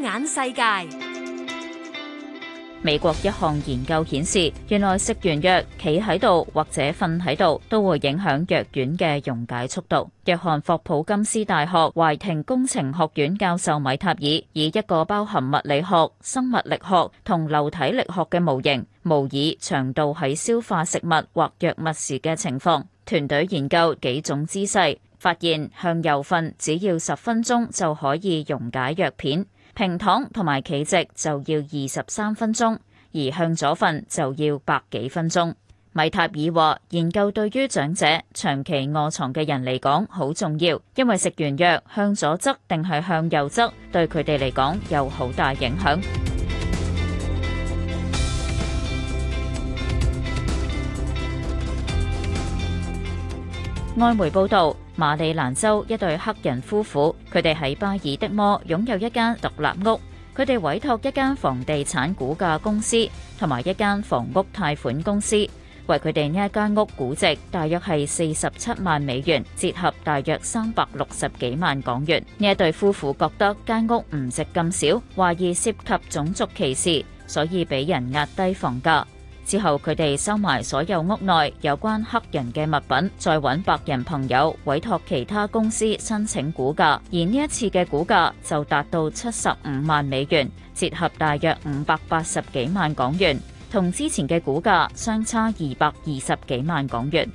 眼世界。美國一項研究顯示，原來食完藥，企喺度或者瞓喺度都會影響藥丸嘅溶解速度。約翰霍普金斯大學懷廷工程學院教授米塔爾以一個包含物理學、生物力學同流體力學嘅模型模擬腸道喺消化食物或藥物時嘅情況。團隊研究幾種姿勢，發現向右瞓只要十分鐘就可以溶解藥片。平躺同埋企直就要二十三分鐘，而向左瞓，就要百幾分鐘。米塔爾話：研究對於長者、長期臥床嘅人嚟講好重要，因為食完藥向左側定係向右側，對佢哋嚟講有好大影響。外媒報道，馬里蘭州一對黑人夫婦，佢哋喺巴爾的摩擁有一間獨立屋，佢哋委託一間房地產估價公司同埋一間房屋貸款公司，為佢哋呢一間屋估值大約係四十七萬美元，折合大約三百六十幾萬港元。呢一對夫婦覺得間屋唔值咁少，懷疑涉及種族歧視，所以俾人壓低房價。之後佢哋收埋所有屋內有關黑人嘅物品，再揾白人朋友委託其他公司申請估價，而呢一次嘅估價就達到七十五萬美元，折合大約五百八十幾萬港元，同之前嘅估價相差二百二十幾萬港元。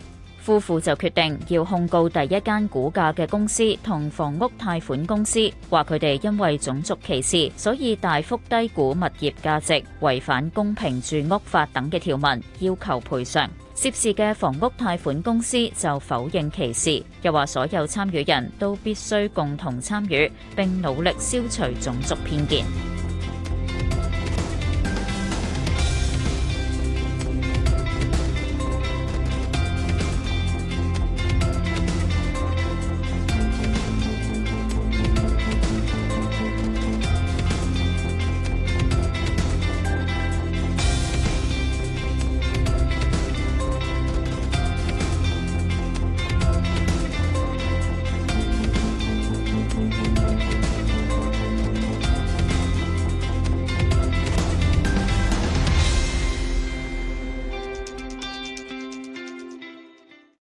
夫婦就決定要控告第一間估價嘅公司同房屋貸款公司，話佢哋因為種族歧視，所以大幅低估物業價值，違反公平住屋法等嘅條文，要求賠償。涉事嘅房屋貸款公司就否認歧視，又話所有參與人都必須共同參與，並努力消除種族偏見。